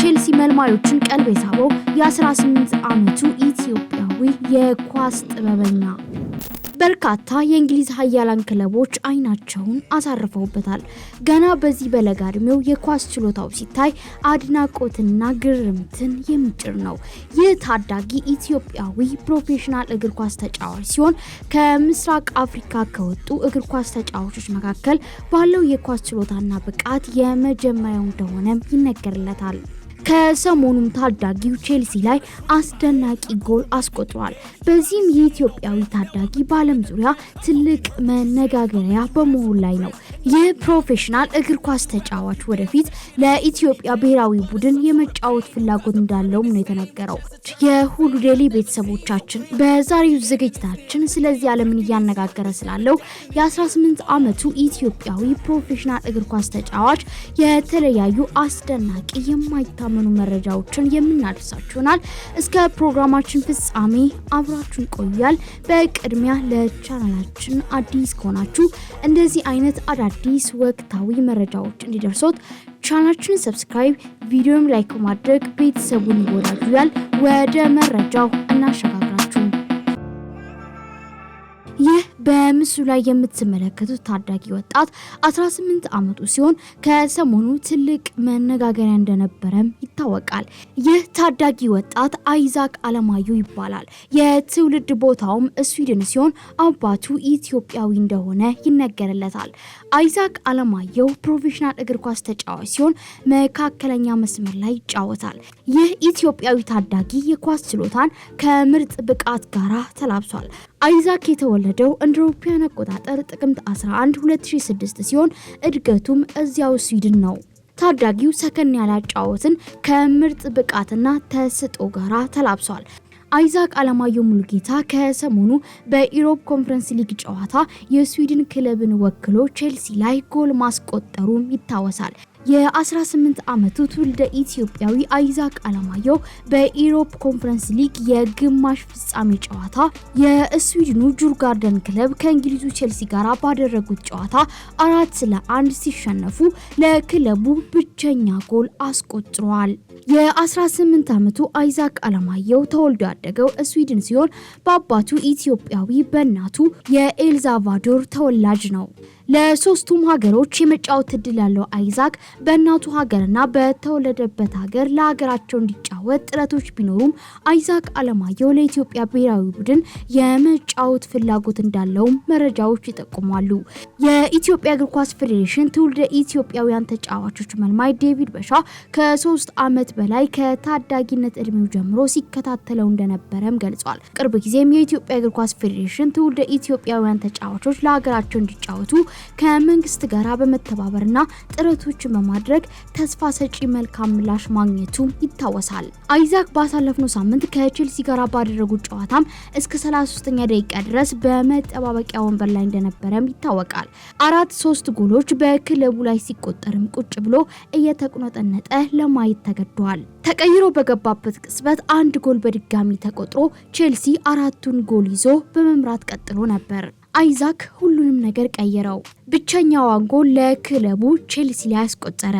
ቼልሲ መልማዮችን ቀልብ የሳበው የ18 ዓመቱ ኢትዮጵያዊ የኳስ ጥበበኛ በርካታ የእንግሊዝ ሀያላን ክለቦች አይናቸውን አሳርፈውበታል። ገና በዚህ በለጋ እድሜው የኳስ ችሎታው ሲታይ አድናቆትና ግርምትን የሚጭር ነው። ይህ ታዳጊ ኢትዮጵያዊ ፕሮፌሽናል እግር ኳስ ተጫዋች ሲሆን ከምስራቅ አፍሪካ ከወጡ እግር ኳስ ተጫዋቾች መካከል ባለው የኳስ ችሎታና ብቃት የመጀመሪያው እንደሆነም ይነገርለታል። ከሰሞኑም ታዳጊው ቼልሲ ላይ አስደናቂ ጎል አስቆጥሯል። በዚህም የኢትዮጵያዊ ታዳጊ በዓለም ዙሪያ ትልቅ መነጋገሪያ በመሆን ላይ ነው። ይህ ፕሮፌሽናል እግር ኳስ ተጫዋች ወደፊት ለኢትዮጵያ ብሔራዊ ቡድን የመጫወት ፍላጎት እንዳለውም ነው የተነገረው። የሁሉ ዴይሊ ቤተሰቦቻችን በዛሬው ዝግጅታችን ስለዚህ ዓለምን እያነጋገረ ስላለው የ18 ዓመቱ ኢትዮጵያዊ ፕሮፌሽናል እግር ኳስ ተጫዋች የተለያዩ አስደናቂ የማይታመኑ መረጃዎችን የምናደርሳችሁናል። እስከ ፕሮግራማችን ፍጻሜ አብራችሁን ቆያል። በቅድሚያ ለቻናላችን አዲስ ከሆናችሁ እንደዚህ አይነት አዳ አዳዲስ ወቅታዊ መረጃዎች እንዲደርሶት ቻናችን ሰብስክራይብ፣ ቪዲዮም ላይክ በማድረግ ቤተሰቡን ይወዳጁ። ወደ መረጃው እናሸጋግራችሁ ይህ በምስሉ ላይ የምትመለከቱት ታዳጊ ወጣት 18 ዓመቱ ሲሆን ከሰሞኑ ትልቅ መነጋገሪያ እንደነበረም ይታወቃል። ይህ ታዳጊ ወጣት አይዛክ አለማየሁ ይባላል። የትውልድ ቦታውም ስዊድን ሲሆን አባቱ ኢትዮጵያዊ እንደሆነ ይነገርለታል። አይዛክ አለማየሁ ፕሮፌሽናል እግር ኳስ ተጫዋች ሲሆን መካከለኛ መስመር ላይ ይጫወታል። ይህ ኢትዮጵያዊ ታዳጊ የኳስ ችሎታን ከምርጥ ብቃት ጋራ ተላብሷል። አይዛክ የተወለደው እንደ አውሮፓውያን አቆጣጠር ጥቅምት 11 2006 ሲሆን እድገቱም እዚያው ስዊድን ነው። ታዳጊው ሰከን ያለ አጫወትን ከምርጥ ብቃትና ተስጦ ጋራ ተላብሷል። አይዛክ አለማየሁ ሙሉጌታ ከሰሞኑ በኢሮብ ኮንፈረንስ ሊግ ጨዋታ የስዊድን ክለብን ወክሎ ቼልሲ ላይ ጎል ማስቆጠሩም ይታወሳል። የ18 ዓመቱ ትውልደ ኢትዮጵያዊ አይዛቅ አለማየሁ በኢሮፕ ኮንፈረንስ ሊግ የግማሽ ፍጻሜ ጨዋታ የስዊድኑ ጁር ጋርደን ክለብ ከእንግሊዙ ቼልሲ ጋር ባደረጉት ጨዋታ አራት ለአንድ ሲሸነፉ ለክለቡ ብቸኛ ጎል አስቆጥሯል የ18 ዓመቱ አይዛክ አለማየሁ ተወልዶ ያደገው ስዊድን ሲሆን በአባቱ ኢትዮጵያዊ በእናቱ የኤልዛቫዶር ተወላጅ ነው። ለሶስቱም ሀገሮች የመጫወት እድል ያለው አይዛክ በእናቱ ሀገርና በተወለደበት ሀገር ለሀገራቸው እንዲጫወት ጥረቶች ቢኖሩም አይዛክ አለማየሁ ለኢትዮጵያ ብሔራዊ ቡድን የመጫወት ፍላጎት እንዳለውም መረጃዎች ይጠቁማሉ። የኢትዮጵያ እግር ኳስ ፌዴሬሽን ትውልደ ኢትዮጵያውያን ተጫዋቾች መልማይ ዴቪድ በሻ ከሶስት ዓመት ከዓመት በላይ ከታዳጊነት እድሜው ጀምሮ ሲከታተለው እንደነበረም ገልጿል። ቅርብ ጊዜም የኢትዮጵያ እግር ኳስ ፌዴሬሽን ትውልደ ኢትዮጵያውያን ተጫዋቾች ለሀገራቸው እንዲጫወቱ ከመንግስት ጋር በመተባበርና ጥረቶችን በማድረግ ተስፋ ሰጪ መልካም ምላሽ ማግኘቱ ይታወሳል። አይዛክ ባሳለፍነው ሳምንት ከቼልሲ ጋር ባደረጉት ጨዋታም እስከ 33ኛ ደቂቃ ድረስ በመጠባበቂያ ወንበር ላይ እንደነበረም ይታወቃል። አራት ሶስት ጎሎች በክለቡ ላይ ሲቆጠርም ቁጭ ብሎ እየተቁነጠነጠ ለማየት ተገድ ወርዷል። ተቀይሮ በገባበት ቅጽበት አንድ ጎል በድጋሚ ተቆጥሮ ቼልሲ አራቱን ጎል ይዞ በመምራት ቀጥሎ ነበር። አይዛክ ሁሉንም ነገር ቀየረው። ብቸኛዋን ጎል ለክለቡ ቼልሲ ላይ አስቆጠረ።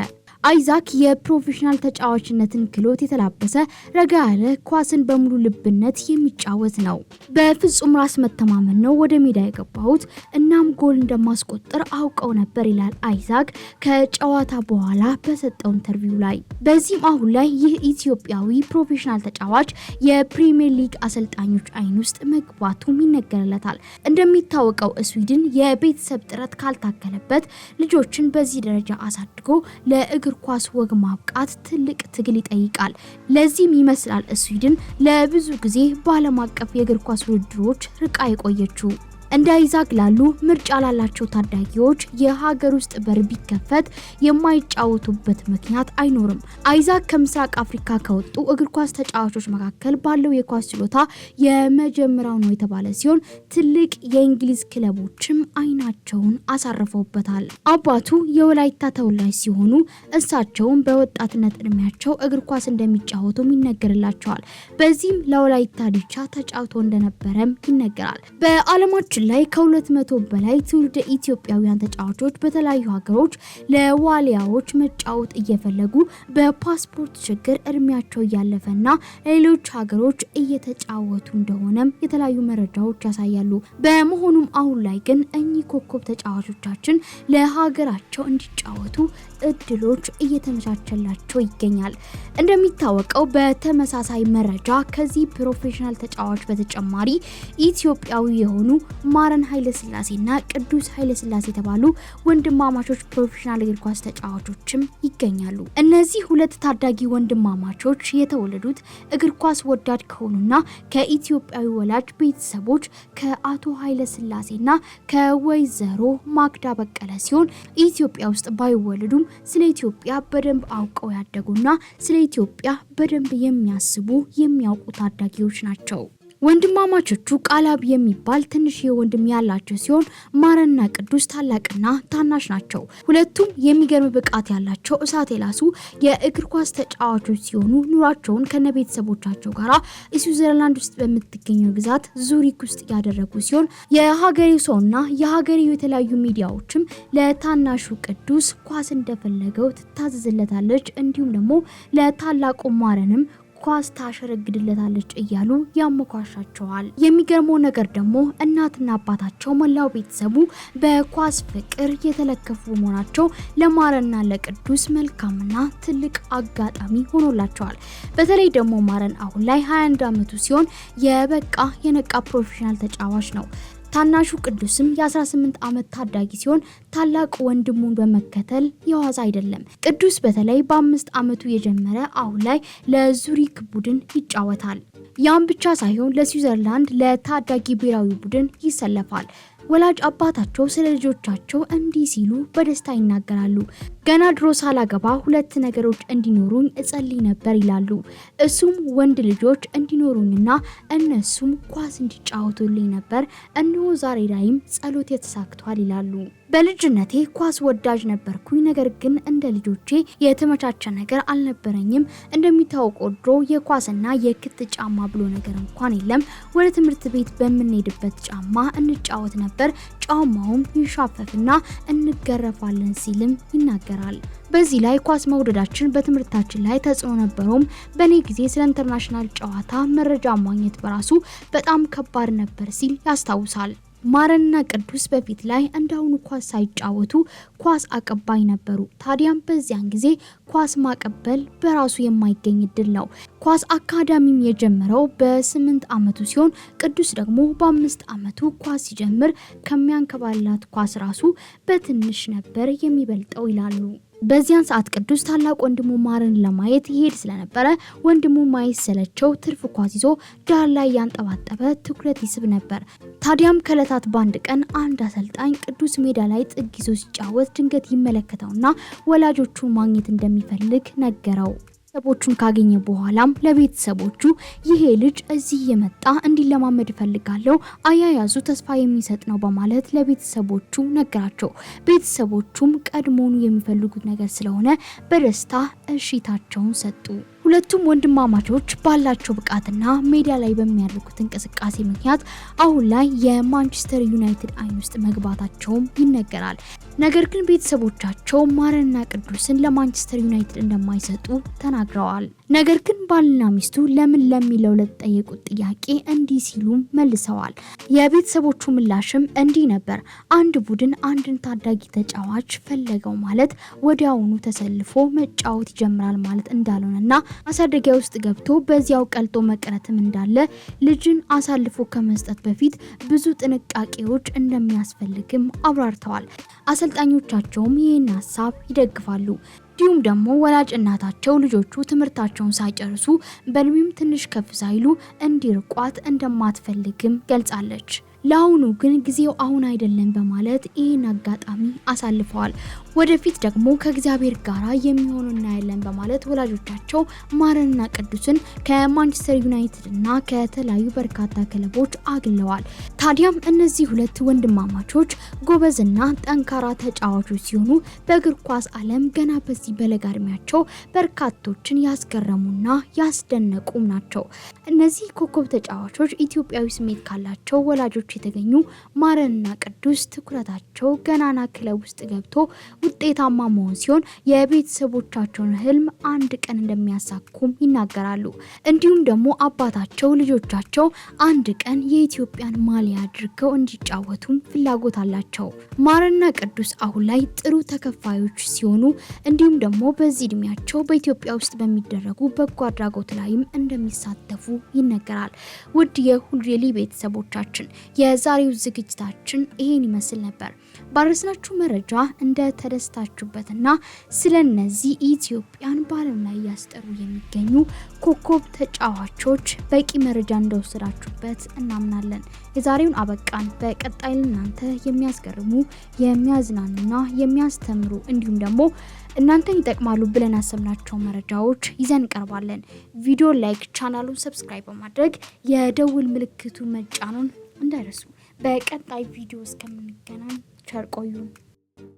አይዛክ የፕሮፌሽናል ተጫዋችነትን ክህሎት የተላበሰ ረጋ ያለ ኳስን በሙሉ ልብነት የሚጫወት ነው። በፍጹም ራስ መተማመን ነው ወደ ሜዳ የገባሁት፣ እናም ጎል እንደማስቆጠር አውቀው ነበር ይላል አይዛክ ከጨዋታ በኋላ በሰጠው ኢንተርቪው ላይ። በዚህም አሁን ላይ ይህ ኢትዮጵያዊ ፕሮፌሽናል ተጫዋች የፕሪሚየር ሊግ አሰልጣኞች አይን ውስጥ መግባቱም ይነገርለታል። እንደሚታወቀው ስዊድን የቤተሰብ ጥረት ካልታከለበት ልጆችን በዚህ ደረጃ አሳድጎ ለእግር ኳስ ወግ ማብቃት ትልቅ ትግል ይጠይቃል። ለዚህም ይመስላል ስዊድን ለብዙ ጊዜ በዓለም አቀፍ የእግር ኳስ ውድድሮች ርቃ የቆየችው። እንደ አይዛክ ላሉ ምርጫ ላላቸው ታዳጊዎች የሀገር ውስጥ በር ቢከፈት የማይጫወቱበት ምክንያት አይኖርም። አይዛክ ከምስራቅ አፍሪካ ከወጡ እግር ኳስ ተጫዋቾች መካከል ባለው የኳስ ችሎታ የመጀመሪያው ነው የተባለ ሲሆን ትልቅ የእንግሊዝ ክለቦችም አይናቸውን አሳርፈውበታል። አባቱ የወላይታ ተወላጅ ሲሆኑ እሳቸውም በወጣትነት እድሜያቸው እግር ኳስ እንደሚጫወቱም ይነገርላቸዋል። በዚህም ለወላይታ ዲቻ ተጫውቶ እንደነበረም ይነገራል። በዓለማችን በዓለማችን ላይ ከሁለት መቶ በላይ ትውልደ ኢትዮጵያውያን ተጫዋቾች በተለያዩ ሀገሮች ለዋሊያዎች መጫወት እየፈለጉ በፓስፖርት ችግር እድሜያቸው እያለፈና ሌሎች ሀገሮች እየተጫወቱ እንደሆነም የተለያዩ መረጃዎች ያሳያሉ። በመሆኑም አሁን ላይ ግን እኚህ ኮከብ ተጫዋቾቻችን ለሀገራቸው እንዲጫወቱ እድሎች እየተመቻቸላቸው ይገኛል። እንደሚታወቀው በተመሳሳይ መረጃ ከዚህ ፕሮፌሽናል ተጫዋች በተጨማሪ ኢትዮጵያዊ የሆኑ ማረን ኃይለስላሴና ቅዱስ ኃይለስላሴ የተባሉ ወንድማማቾች ፕሮፌሽናል እግር ኳስ ተጫዋቾችም ይገኛሉ። እነዚህ ሁለት ታዳጊ ወንድማማቾች የተወለዱት እግር ኳስ ወዳድ ከሆኑና ከኢትዮጵያዊ ወላጅ ቤተሰቦች ከአቶ ኃይለስላሴና ከወይዘሮ ማግዳ በቀለ ሲሆን ኢትዮጵያ ውስጥ ባይወለዱም ስለ ኢትዮጵያ በደንብ አውቀው ያደጉና ስለ ኢትዮጵያ በደንብ የሚያስቡ የሚያውቁ ታዳጊዎች ናቸው። ወንድማማቾቹ ቃላብ የሚባል ትንሽ ወንድም ያላቸው ሲሆን ማረና ቅዱስ ታላቅና ታናሽ ናቸው። ሁለቱም የሚገርም ብቃት ያላቸው እሳት የላሱ የእግር ኳስ ተጫዋቾች ሲሆኑ ኑሯቸውን ከነ ቤተሰቦቻቸው ጋር ስዊዘርላንድ ውስጥ በምትገኘው ግዛት ዙሪክ ውስጥ ያደረጉ ሲሆን የሀገሬው ሰውና የሀገሬው የተለያዩ ሚዲያዎችም ለታናሹ ቅዱስ ኳስ እንደፈለገው ትታዘዝለታለች እንዲሁም ደግሞ ለታላቁ ማረንም ኳስ ታሸረግድለታለች እያሉ ያሞካሻቸዋል። የሚገርመው ነገር ደግሞ እናትና አባታቸው መላው ቤተሰቡ በኳስ ፍቅር የተለከፉ መሆናቸው ለማረና ለቅዱስ መልካምና ትልቅ አጋጣሚ ሆኖላቸዋል። በተለይ ደግሞ ማረን አሁን ላይ 21 ዓመቱ ሲሆን የበቃ የነቃ ፕሮፌሽናል ተጫዋች ነው። ታናሹ ቅዱስም የ18 ዓመት ታዳጊ ሲሆን ታላቅ ወንድሙን በመከተል የዋዛ አይደለም። ቅዱስ በተለይ በአምስት ዓመቱ የጀመረ አሁን ላይ ለዙሪክ ቡድን ይጫወታል። ያም ብቻ ሳይሆን ለስዊዘርላንድ ለታዳጊ ብሔራዊ ቡድን ይሰለፋል። ወላጅ አባታቸው ስለ ልጆቻቸው እንዲህ ሲሉ በደስታ ይናገራሉ። ገና ድሮ ሳላገባ ሁለት ነገሮች እንዲኖሩኝ እጸልይ ነበር ይላሉ። እሱም ወንድ ልጆች እንዲኖሩኝና እነሱም ኳስ እንዲጫወቱልኝ ነበር። እነሆ ዛሬ ላይም ጸሎት የተሳክቷል ይላሉ። በልጅነቴ ኳስ ወዳጅ ነበርኩኝ። ነገር ግን እንደ ልጆቼ የተመቻቸ ነገር አልነበረኝም። እንደሚታወቀው ድሮ የኳስና የክት ጫማ ብሎ ነገር እንኳን የለም። ወደ ትምህርት ቤት በምንሄድበት ጫማ እንጫወት ነበር። ጫማውም ይንሻፈፍና እንገረፋለን ሲልም ይናገራል። በዚህ ላይ ኳስ መውደዳችን በትምህርታችን ላይ ተጽዕኖ ነበረውም። በእኔ ጊዜ ስለ ኢንተርናሽናል ጨዋታ መረጃ ማግኘት በራሱ በጣም ከባድ ነበር ሲል ያስታውሳል። ማረና ቅዱስ በፊት ላይ እንዳሁኑ ኳስ ሳይጫወቱ ኳስ አቀባይ ነበሩ። ታዲያም በዚያን ጊዜ ኳስ ማቀበል በራሱ የማይገኝ እድል ነው። ኳስ አካዳሚም የጀመረው በስምንት አመቱ ሲሆን ቅዱስ ደግሞ በአምስት አመቱ ኳስ ሲጀምር ከሚያንከባላት ኳስ ራሱ በትንሽ ነበር የሚበልጠው ይላሉ። በዚያን ሰዓት ቅዱስ ታላቅ ወንድሙ ማርን ለማየት ይሄድ ስለነበረ ወንድሙ ማየት ስለቸው ትርፍ ኳስ ይዞ ዳር ላይ ያንጠባጠበ ትኩረት ይስብ ነበር። ታዲያም ከእለታት በአንድ ቀን አንድ አሰልጣኝ ቅዱስ ሜዳ ላይ ጥግ ይዞ ሲጫወት ድንገት ይመለከተውና ወላጆቹን ማግኘት እንደሚፈልግ ነገረው። ቤተሰቦቹን ካገኘ በኋላም ለቤተሰቦቹ ይሄ ልጅ እዚህ የመጣ እንዲለማመድ እፈልጋለሁ፣ አያያዙ ተስፋ የሚሰጥ ነው በማለት ለቤተሰቦቹ ነገራቸው። ቤተሰቦቹም ቀድሞኑ የሚፈልጉት ነገር ስለሆነ በደስታ እሺታቸውን ሰጡ። ሁለቱም ወንድማማቾች ባላቸው ብቃትና ሜዳ ላይ በሚያደርጉት እንቅስቃሴ ምክንያት አሁን ላይ የማንቸስተር ዩናይትድ አይን ውስጥ መግባታቸውም ይነገራል። ነገር ግን ቤተሰቦቻቸው ማረንና ቅዱስን ለማንቸስተር ዩናይትድ እንደማይሰጡ ተናግረዋል። ነገር ግን ባልና ሚስቱ ለምን ለሚለው ለተጠየቁት ጥያቄ እንዲህ ሲሉም መልሰዋል። የቤተሰቦቹ ምላሽም እንዲህ ነበር። አንድ ቡድን አንድን ታዳጊ ተጫዋች ፈለገው ማለት ወዲያውኑ ተሰልፎ መጫወት ይጀምራል ማለት እንዳልሆነና ማሳደጊያ ውስጥ ገብቶ በዚያው ቀልጦ መቅረትም እንዳለ ልጅን አሳልፎ ከመስጠት በፊት ብዙ ጥንቃቄዎች እንደሚያስፈልግም አብራርተዋል። አሰልጣኞቻቸውም ይህን ሀሳብ ይደግፋሉ። እንዲሁም ደግሞ ወላጅ እናታቸው ልጆቹ ትምህርታቸውን ሳይጨርሱ በእድሜም ትንሽ ከፍ ሳይሉ እንዲርቋት እንደማትፈልግም ገልጻለች። ለአሁኑ ግን ጊዜው አሁን አይደለም በማለት ይህን አጋጣሚ አሳልፈዋል። ወደፊት ደግሞ ከእግዚአብሔር ጋር የሚሆኑ እናያለን በማለት ወላጆቻቸው ማረንና ቅዱስን ከማንቸስተር ዩናይትድ እና ከተለያዩ በርካታ ክለቦች አግለዋል። ታዲያም እነዚህ ሁለት ወንድማማቾች ጎበዝና ጠንካራ ተጫዋቾች ሲሆኑ በእግር ኳስ ዓለም ገና በዚህ በለጋ እድሜያቸው በርካቶችን ያስገረሙና ያስደነቁም ናቸው። እነዚህ ኮከብ ተጫዋቾች ኢትዮጵያዊ ስሜት ካላቸው ወላጆች የተገኙ ማረንና ቅዱስ ትኩረታቸው ገናና ክለብ ውስጥ ገብቶ ውጤታማ መሆን ሲሆን የቤተሰቦቻቸውን ህልም አንድ ቀን እንደሚያሳኩም ይናገራሉ። እንዲሁም ደግሞ አባታቸው ልጆቻቸው አንድ ቀን የኢትዮጵያን ማሊያ አድርገው እንዲጫወቱም ፍላጎት አላቸው። ማረና ቅዱስ አሁን ላይ ጥሩ ተከፋዮች ሲሆኑ እንዲሁም ደግሞ በዚህ እድሜያቸው በኢትዮጵያ ውስጥ በሚደረጉ በጎ አድራጎት ላይም እንደሚሳተፉ ይነገራል። ውድ የሁሉዴይሊ ቤተሰቦቻችን የዛሬው ዝግጅታችን ይሄን ይመስል ነበር። ባረስናችሁ መረጃ እንደ ተደስታችሁበትና ስለ እነዚህ ኢትዮጵያን በዓለም ላይ እያስጠሩ የሚገኙ ኮከብ ተጫዋቾች በቂ መረጃ እንደወሰዳችሁበት እናምናለን። የዛሬውን አበቃን። በቀጣይ ለእናንተ የሚያስገርሙ የሚያዝናኑና የሚያስተምሩ እንዲሁም ደግሞ እናንተን ይጠቅማሉ ብለን ያሰብናቸው መረጃዎች ይዘን እንቀርባለን። ቪዲዮ ላይክ፣ ቻናሉን ሰብስክራይብ በማድረግ የደውል ምልክቱ መጫኑን እንዳይረሱ። በቀጣይ ቪዲዮ እስከምንገናኝ ቸር ቆዩን።